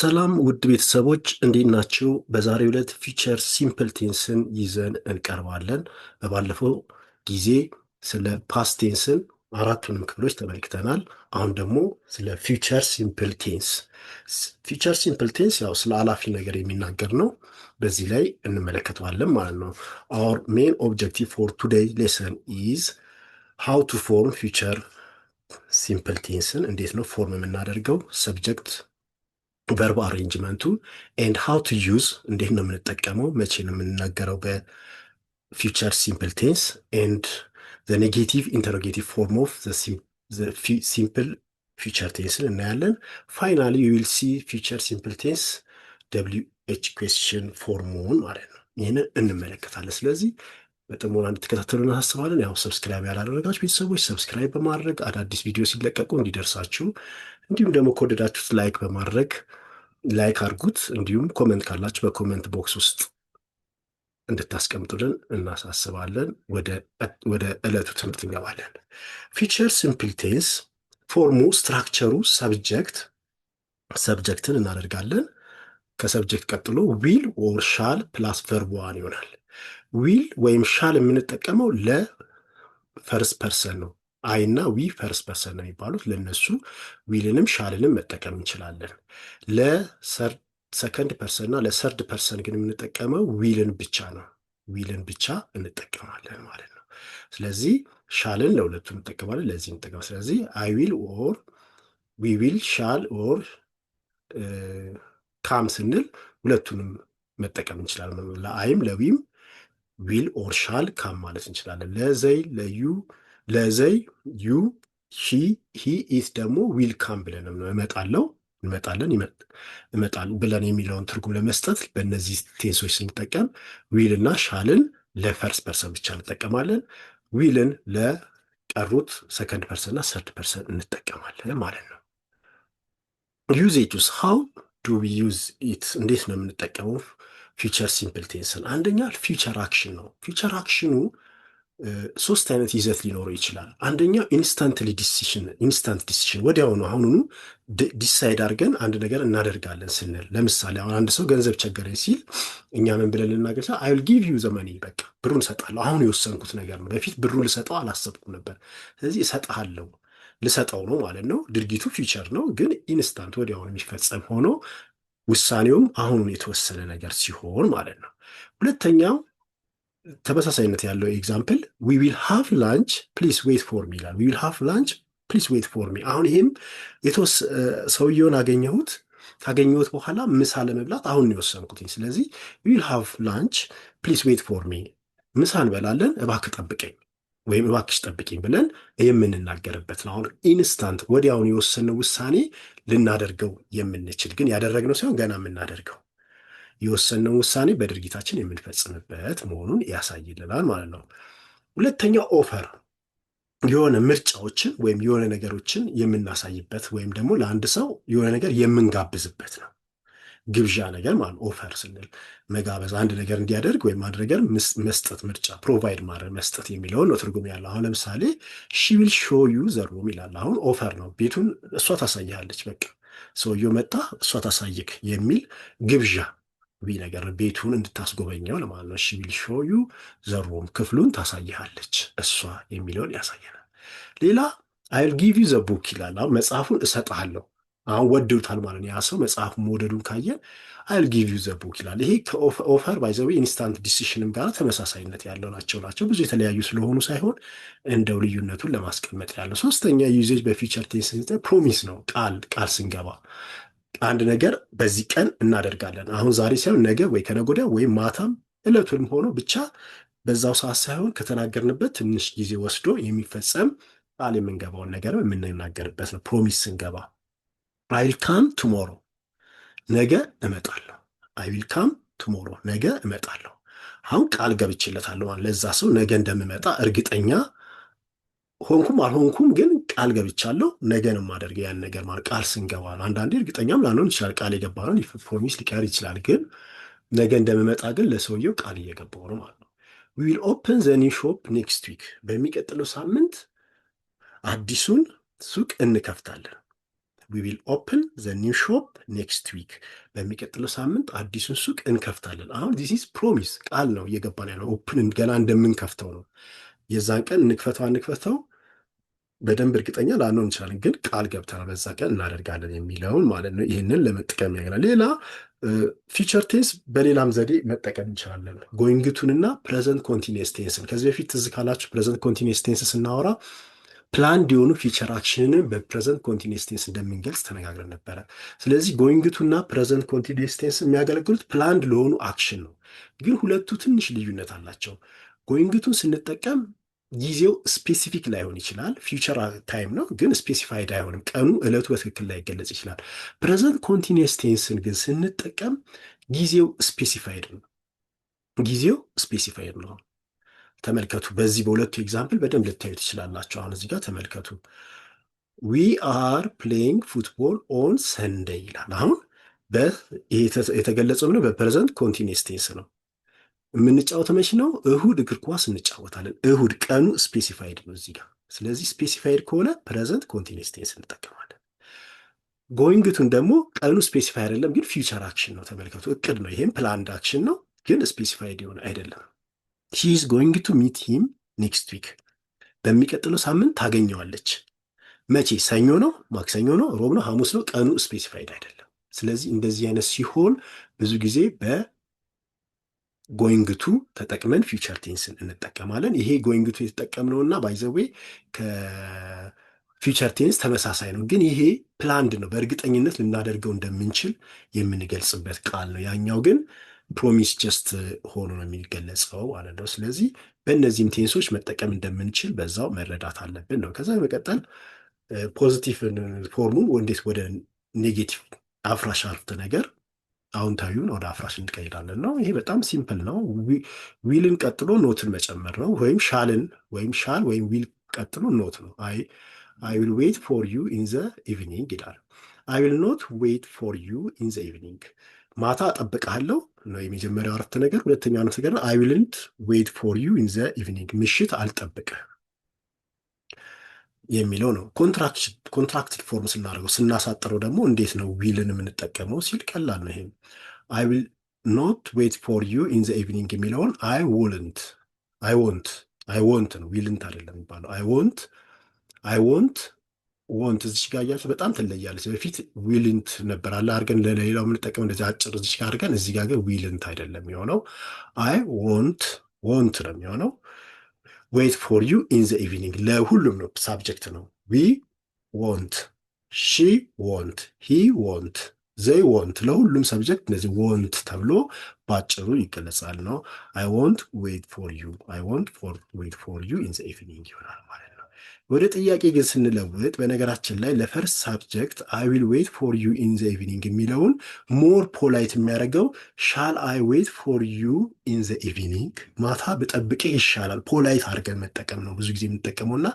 ሰላም ውድ ቤተሰቦች እንዴት በዛሬ በዛሬው ዕለት ፊቸር ሲምፕል ቴንስን ይዘን እንቀርባለን። በባለፈው ጊዜ ስለ ፓስት ቴንስን አራቱንም ክፍሎች ተመልክተናል። አሁን ደግሞ ስለ ፊቸር ሲምፕል ቴንስ። ፊቸር ሲምፕል ቴንስ ያው ስለ አላፊ ነገር የሚናገር ነው። በዚህ ላይ እንመለከተዋለን ማለት ነው። አወር ሜን ኦብጀክቲቭ ፎር ቱዴይ ሌሰን ኢዝ ሃው ቱ ፎርም ፊቸር ሲምፕል ቴንስን እንዴት ነው ፎርም የምናደርገው ሰብጀክት ቨርብ አሬንጅመንቱ ኤንድ ሃው ቱ ዩዝ እንዴት ነው የምንጠቀመው፣ መቼ ነው የምንናገረው በፊውቸር ሲምፕል ቴንስ ኤንድ ዘ ኔጌቲቭ ኢንተሮጌቲቭ ፎርም ኦፍ ሲምፕል ፊውቸር ቴንስን እናያለን። ፋይናሊ ዩዊል ሲ ፊውቸር ሲምፕል ቴንስ ደብሊው ኤች ኩዌስችን ፎርሙን ማለት ነው። ይህን እንመለከታለን። ስለዚህ በጥሞና እንድትከታተሉ እናሳስባለን። ያው ሰብስክራይብ ያላደረጋችሁ ቤተሰቦች ሰብስክራይብ በማድረግ አዳዲስ ቪዲዮ ሲለቀቁ እንዲደርሳችሁ እንዲሁም ደግሞ ከወደዳችሁት ላይክ በማድረግ ላይክ አድርጉት። እንዲሁም ኮመንት ካላችሁ በኮመንት ቦክስ ውስጥ እንድታስቀምጡልን እናሳስባለን። ወደ ዕለቱ ትምህርት እንገባለን። ፊቸር ሲምፕል ቴንስ ፎርሙ፣ ስትራክቸሩ ሰብጀክት ሰብጀክትን እናደርጋለን። ከሰብጀክት ቀጥሎ ዊል ኦር ሻል ፕላስ ቨርብ ዋን ይሆናል። ዊል ወይም ሻል የምንጠቀመው ለፈርስት ፐርሰን ነው። አይ እና ዊ ፈርስት ፐርሰን ነው የሚባሉት። ለእነሱ ዊልንም ሻልንም መጠቀም እንችላለን። ለሰከንድ ፐርሰን እና ለሰርድ ፐርሰን ግን የምንጠቀመው ዊልን ብቻ ነው። ዊልን ብቻ እንጠቀማለን ማለት ነው። ስለዚህ ሻልን ለሁለቱ እንጠቀማለን፣ ለዚህ እንጠቀማ። ስለዚህ አይ ዊል ኦር ዊ ዊል፣ ሻል ኦር ካም ስንል ሁለቱንም መጠቀም እንችላለን። ለአይም ለዊም ዊል ኦር ሻል ካም ማለት እንችላለን። ለዘይ ለዩ ለዘይ ዩ ሺ ሂ ኢት ደግሞ ዊል ካም ብለን ነው እመጣለው እንመጣለን እመጣል ብለን የሚለውን ትርጉም ለመስጠት በእነዚህ ቴንሶች ስንጠቀም ዊል እና ሻልን ለፈርስት ፐርሰን ብቻ እንጠቀማለን። ዊልን ለቀሩት ሰከንድ ፐርሰን እና ሰርድ ፐርሰን እንጠቀማለን ማለት ነው። ዩዝ ኢቱስ ሃው ዱ ዊ ዩዝ ኢት እንዴት ነው የምንጠቀመው? ፊውቸር ሲምፕል ቴንስን አንደኛ ፊውቸር አክሽን ነው። ፊውቸር አክሽኑ ሶስት አይነት ይዘት ሊኖረው ይችላል። አንደኛው ኢንስታንትሊ ዲሲሽን ኢንስታንት ዲሲሽን ወዲያውኑ አሁኑኑ ዲሳይድ አድርገን አንድ ነገር እናደርጋለን ስንል፣ ለምሳሌ አሁን አንድ ሰው ገንዘብ ቸገረኝ ሲል እኛ ምን ብለን ልናገር አይል ጊቭ ዩ ዘመኒ በቃ ብሩን እሰጣለሁ። አሁን የወሰንኩት ነገር ነው። በፊት ብሩን ልሰጠው አላሰብኩም ነበር። ስለዚህ እሰጥሃለሁ ልሰጠው ነው ማለት ነው። ድርጊቱ ፊቸር ነው፣ ግን ኢንስታንት ወዲያውኑ የሚፈጸም ሆኖ ውሳኔውም አሁኑን የተወሰነ ነገር ሲሆን ማለት ነው። ሁለተኛው ተመሳሳይነት ያለው ኤግዛምፕል ዊ ዊል ሃቭ ላንች ፕሊስ ዌት ፎር ሚ ይላል። ዊ ዊል ሃቭ ላንች ፕሊስ ዌት ፎር ሚ። አሁን ይሄም የተወስ ሰውየውን አገኘሁት ካገኘሁት በኋላ ምሳ ለመብላት አሁን ነው የወሰንኩትኝ። ስለዚህ ዊል ሃቭ ላንች ፕሊስ ዌት ፎር ሚ፣ ምሳ እንበላለን እባክህ ጠብቀኝ ወይም እባክሽ ጠብቂኝ ብለን የምንናገርበት ነው። አሁን ኢንስታንት ወዲያውን የወሰነው ውሳኔ ልናደርገው የምንችል ግን ያደረግነው ሳይሆን ገና የምናደርገው የወሰነውን ውሳኔ በድርጊታችን የምንፈጽምበት መሆኑን ያሳይልናል ማለት ነው። ሁለተኛው ኦፈር የሆነ ምርጫዎችን ወይም የሆነ ነገሮችን የምናሳይበት ወይም ደግሞ ለአንድ ሰው የሆነ ነገር የምንጋብዝበት ነው። ግብዣ ነገር ማለት ኦፈር ስንል መጋበዝ፣ አንድ ነገር እንዲያደርግ ወይም አንድ ነገር መስጠት፣ ምርጫ ፕሮቫይድ ማድረግ መስጠት የሚለውን ነው ትርጉም ያለው። አሁን ለምሳሌ ሺ ዊል ሾ ዩ ዘሩም ይላል። አሁን ኦፈር ነው። ቤቱን እሷ ታሳይሃለች። በቃ ሰውየው መጣ፣ እሷ ታሳይክ የሚል ግብዣ ነገር ቤቱን እንድታስጎበኘው ለማለት ነው። ሺዊል ሾዩ ዘሩም ክፍሉን ታሳይሃለች እሷ የሚለውን ያሳየናል። ሌላ አይል ጊቭ ዩ ዘ ቡክ ይላል። አሁን መጽሐፉን እሰጥሃለሁ። አሁን ወደዱታል ማለት ያ ሰው መጽሐፍ መውደዱን ካየ አይል ጊቭ ዩ ዘ ቡክ ይላል። ይሄ ከኦፈር ባይዘዊ ኢንስታንት ዲሲሽንም ጋር ተመሳሳይነት ያለው ናቸው ናቸው ብዙ የተለያዩ ስለሆኑ ሳይሆን እንደው ልዩነቱን ለማስቀመጥ ያለው። ሶስተኛ ዩዜጅ በፊቸር ቴንስ ፕሮሚስ ነው ቃል ቃል ስንገባ አንድ ነገር በዚህ ቀን እናደርጋለን። አሁን ዛሬ ሳይሆን ነገ ወይ ከነጎዳ ወይም ማታም እለቱንም ሆኖ ብቻ በዛው ሰዓት ሳይሆን ከተናገርንበት ትንሽ ጊዜ ወስዶ የሚፈጸም ቃል የምንገባውን ነገር የምንናገርበት ነው። ፕሮሚስ ስንገባ አይልካም ቱሞሮ ነገ እመጣለሁ። አይልካም ቱሞሮ ነገ እመጣለሁ። አሁን ቃል ገብችለታለሁ ለዛ ሰው ነገ እንደምመጣ እርግጠኛ ሆንኩም አልሆንኩም ግን ቃል ገብቻለሁ፣ ነገ ነው የማደርገው ያን ነገር ማለት ቃል ስንገባ ነው። አንዳንዴ እርግጠኛም ላንሆን ይችላል። ቃል የገባ ነው ፕሮሚስ ሊቀር ይችላል። ግን ነገ እንደምመጣ ግን ለሰውየው ቃል እየገባው ነው ማለት ነው። ዊል ኦፕን ዘ ኒው ሾፕ ኔክስት ዊክ፣ በሚቀጥለው ሳምንት አዲሱን ሱቅ እንከፍታለን። ዊል ኦፕን ዘ ኒው ሾፕ ኔክስት ዊክ፣ በሚቀጥለው ሳምንት አዲሱን ሱቅ እንከፍታለን። አሁን ዚስ ፕሮሚስ ቃል ነው እየገባ ነው ያለው። ኦፕን ገና እንደምንከፍተው ነው የዛን ቀን እንክፈተው አንክፈተው በደንብ እርግጠኛ ላንሆን እንችላለን፣ ግን ቃል ገብተናል በዛ ቀን እናደርጋለን የሚለውን ማለት ነው። ይህንን ለመጠቀም ያገናል። ሌላ ፊቸር ቴንስ በሌላም ዘዴ መጠቀም እንችላለን። ጎይንግቱንና ፕሬዘንት ኮንቲኒስ ቴንስን ከዚህ በፊት ትዝ ካላችሁ ፕሬዘንት ኮንቲኒስ ቴንስ ስናወራ ፕላን የሆኑ ፊቸር አክሽንን በፕሬዘንት ኮንቲኒስ ቴንስ እንደምንገልጽ ተነጋግረን ነበረ። ስለዚህ ጎይንግቱና ፕሬዘንት ኮንቲኒስ ቴንስ የሚያገለግሉት ፕላንድ ለሆኑ አክሽን ነው። ግን ሁለቱ ትንሽ ልዩነት አላቸው። ጎይንግቱን ስንጠቀም ጊዜው ስፔሲፊክ ላይሆን ይችላል። ፊውቸር ታይም ነው ግን ስፔሲፋይድ አይሆንም። ቀኑ እለቱ በትክክል ይገለጽ ይችላል። ፕሬዘንት ኮንቲኒየስ ቴንስን ግን ስንጠቀም ጊዜው ስፔሲፋይድ ነው። ጊዜው ስፔሲፋይድ ነው። ተመልከቱ። በዚህ በሁለቱ ኤግዛምፕል በደንብ ልታዩ ትችላላቸው አሁን እዚህ ጋር ተመልከቱ። ዊ አር ፕሌይንግ ፉትቦል ኦን ሰንደይ ይላል። አሁን የተገለጸው ምነው በፕሬዘንት ኮንቲኒየስ ቴንስ ነው። የምንጫወተው መቼ ነው? እሁድ እግር ኳስ እንጫወታለን። እሁድ ቀኑ ስፔሲፋይድ ነው እዚህ ጋር። ስለዚህ ስፔሲፋይድ ከሆነ ፕሬዘንት ኮንቲኒስ ቴንስ እንጠቀማለን። ጎይንግቱን ደግሞ ቀኑ ስፔሲፋይ አይደለም፣ ግን ፊውቸር አክሽን ነው። ተመልከቱ፣ እቅድ ነው። ይሄም ፕላንድ አክሽን ነው፣ ግን ስፔሲፋይድ የሆነ አይደለም። ሺ ጎይንግ ቱ ሚት ሂም ኔክስት ዊክ። በሚቀጥለው ሳምንት ታገኘዋለች። መቼ? ሰኞ ነው፣ ማክሰኞ ነው፣ ሮብ ነው፣ ሐሙስ ነው። ቀኑ ስፔሲፋይድ አይደለም። ስለዚህ እንደዚህ አይነት ሲሆን ብዙ ጊዜ በ ጎይንግቱ ተጠቅመን ፊውቸር ቴንስን እንጠቀማለን። ይሄ ጎይንግቱ የተጠቀምነው እና ባይዘዌ ከፊውቸር ቴንስ ተመሳሳይ ነው፣ ግን ይሄ ፕላንድ ነው። በእርግጠኝነት ልናደርገው እንደምንችል የምንገልጽበት ቃል ነው። ያኛው ግን ፕሮሚስ ጀስት ሆኖ ነው የሚገለጸው ማለት ነው። ስለዚህ በእነዚህም ቴንሶች መጠቀም እንደምንችል በዛው መረዳት አለብን ነው። ከዛ በመቀጠል ፖዚቲቭ ፎርሙ እንዴት ወደ ኔጌቲቭ አፍራሽ ነገር አዎንታዊውን ወደ አፍራሽ እንቀይራለን ነው። ይሄ በጣም ሲምፕል ነው። ዊልን ቀጥሎ ኖትን መጨመር ነው። ወይም ሻልን ወይም ሻል ወይም ዊል ቀጥሎ ኖት ነው። አይ ዊል ዌይት ፎር ዩ ኢን ዘ ኢቭኒንግ ይላል። አይ ዊል ኖት ዌይት ፎር ዩ ኢን ዘ ኢቭኒንግ ማታ እጠብቅሃለሁ ነው የመጀመሪያው አረፍተ ነገር። ሁለተኛው አረፍተ ነገር አይ ዊልንት ዌይት ፎር ዩ ኢን ዘ ኢቭኒንግ ምሽት አልጠብቅህ የሚለው ነው። ኮንትራክትድ ፎርም ስናደርገው ስናሳጥረው ደግሞ እንዴት ነው ዊልን የምንጠቀመው ሲል ቀላል ነው። ይሄም አይ ዊል ኖት ዌት ፎር ዩ ኢን ዘ ኢቭኒንግ የሚለውን አይ ወልንት አይ ወንት አይ ወንት ነው ዊልንት አይደለም የሚባለው። አይ ወንት አይ ወንት ወንት እዚች ጋር እያለች በጣም ትለያለች። በፊት ዊልንት ነበር አለ አድርገን ለሌላው የምንጠቀመው እንደዚህ አጭር እዚች ጋር አድርገን እዚህ ጋር ግን ዊልንት አይደለም የሚሆነው አይ ወንት ወንት ነው የሚሆነው ዌይት ፎር ዩ ኢን ዘ ኢቪኒንግ ለሁሉም ነው ሳብጀክት ነው። ዊ ወንት፣ ሺ ወንት፣ ሂ ወንት፣ ዘይ ወንት ለሁሉም ሰብጀክት እነዚህ ወንት ተብሎ ባጭሩ ይገለጻል ነው። አይ ወንት ዌይት ፎር ዩ፣ አይ ወንት ዌይት ፎር ዩ ኢን ዘ ኢቪኒንግ ይሆናል ማለት ነው። ወደ ጥያቄ ግን ስንለውጥ በነገራችን ላይ ለፈርስት ሳብጀክት አይ ዊል ዌት ፎር ዩ ኢን ዘ ኢቪኒንግ የሚለውን ሞር ፖላይት የሚያደርገው ሻል አይ ዌት ፎር ዩ ኢን ዘ ኢቪኒንግ ማታ ብጠብቄ ይሻላል። ፖላይት አድርገን መጠቀም ነው ብዙ ጊዜ የምንጠቀመው እና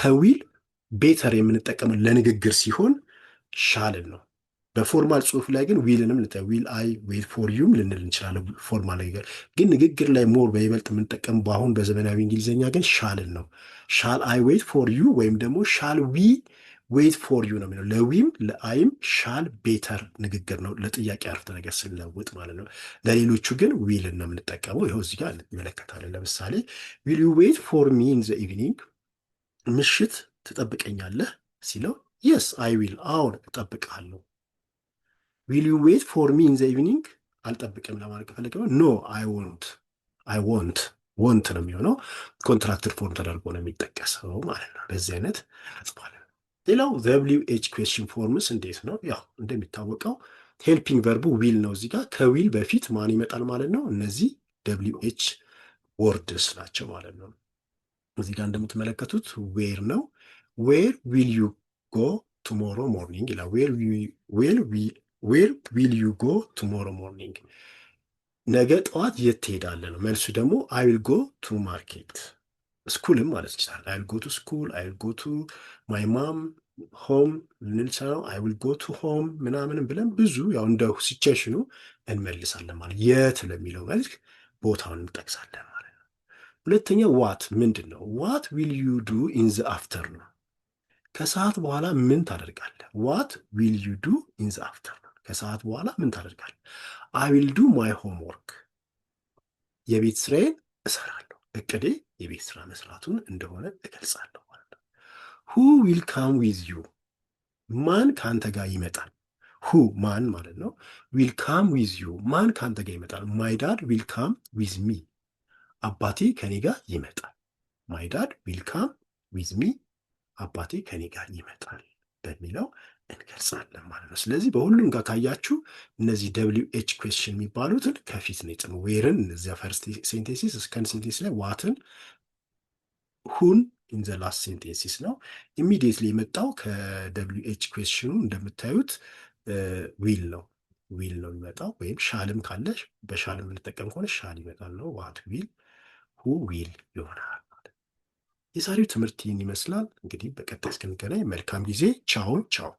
ከዊል ቤተር የምንጠቀመው ለንግግር ሲሆን ሻልን ነው። በፎርማል ጽሁፍ ላይ ግን ዊልንም ልታይ ዊል አይ ዌት ፎር ዩም ልንል እንችላለን። ፎርማል ነገር ግን ንግግር ላይ ሞር በይበልጥ የምንጠቀም በአሁን በዘመናዊ እንግሊዝኛ ግን ሻልን ነው። ሻል አይ ዌት ፎር ዩ ወይም ደግሞ ሻል ዊ ዌት ፎር ዩ ነው የሚለው። ለዊም ለአይም ሻል ቤተር ንግግር ነው ለጥያቄ አረፍተ ነገር ስንለውጥ ማለት ነው። ለሌሎቹ ግን ዊልን ነው የምንጠቀመው። ይኸው እዚህ ጋር እንመለከታለን። ለምሳሌ ዊል ዩ ዌት ፎር ሚ ኢን ዘ ኢቭኒንግ ምሽት ትጠብቀኛለህ ሲለው የስ አይ ዊል አዎን እጠብቅሃለሁ ዊል ዩ ዌት ፎር ሚ ኢን ዘ ኢቭኒንግ አልጠብቅም ለማድረግ ከፈለገ ኖ አይ ወንት አይ ወንት ወንት ነው የሚሆነው። ኮንትራክትድ ፎርም ተደርጎ ነው የሚጠቀሰው ማለት ነው። በዚህ አይነት ጽፏለን። ሌላው ደብሊው ኤች ኩዌስችን ፎርምስ እንዴት ነው? ያው እንደሚታወቀው ሄልፒንግ ቨርቡ ዊል ነው። እዚህ ጋር ከዊል በፊት ማን ይመጣል ማለት ነው? እነዚህ ደብሊው ኤች ወርድስ ናቸው ማለት ነው። እዚህ ጋር እንደምትመለከቱት ዌር ነው። ዌር ዊል ዩ ጎ ቱሞሮ ሞርኒንግ ይላል። ዌር ዊል ዌር ዊል ዩ ጎ ቱሞሮ ሞርኒንግ፣ ነገ ጠዋት የት ትሄዳለህ ነው መልሱ። ደግሞ አይ ዊል ጎ ቱ ማርኬት ስኩልም ማለት ይችላል። አይ ዊል ጎ ቱ ስኩል፣ አይ ዊል ጎ ቱ ማይ ማም ሆም ልንልሳ ነው። አይ ዊል ጎ ቱ ሆም ምናምንም ብለን ብዙ ያው እንደ ሲቸሽኑ እንመልሳለን። ማለት የት ለሚለው መልክ ቦታውን እንጠቅሳለን ማለት ነው። ሁለተኛ ዋት ምንድን ነው? ዋት ዊል ዩ ዱ ኢን ዘ አፍተር ነው። ከሰዓት በኋላ ምን ታደርጋለህ? ዋት ዊል ዩ ዱ ኢን ዘ አፍተር ነው። ከሰዓት በኋላ ምን ታደርጋል? አይዊል ዱ ማይ ሆምወርክ የቤት ስራዬን እሰራለሁ። እቅዴ የቤት ስራ መስራቱን እንደሆነ እገልጻለሁ ማለት ነው። ሁ ዊል ካም ዊዝ ዩ ማን ከአንተ ጋር ይመጣል? ሁ ማን ማለት ነው። ዊል ካም ዊዝ ዩ ማን ከአንተ ጋር ይመጣል? ማይ ዳድ ዊል ካም ዊዝ ሚ አባቴ ከኔ ጋር ይመጣል። ማይ ዳድ ዊል ካም ዊዝ ሚ አባቴ ከኔ ጋር ይመጣል በሚለው እንገልጻለን ማለት ነው። ስለዚህ በሁሉም ጋር ካያችሁ እነዚህ ደብሊው ኤች ኩዌስችን የሚባሉትን ከፊት ነው የጥም ዌርን እነዚያ ፈርስት ሴንቴንሲስ እስከን ሴንቴንስ ላይ ዋትን ሁን ኢን ዘ ላስት ሴንቴንሲስ ነው ኢሚዲየትሊ የመጣው ከደብሊው ኤች ኩዌስችኑ እንደምታዩት ዊል ነው ዊል ነው የሚመጣው ወይም ሻልም ካለ በሻል የምንጠቀም ከሆነ ሻል ይመጣል ነው ዋት ዊል ሁ ዊል ይሆናል። የዛሬው ትምህርት ይህን ይመስላል። እንግዲህ በቀጣይ እስክንገናኝ መልካም ጊዜ። ቻውን ቻው።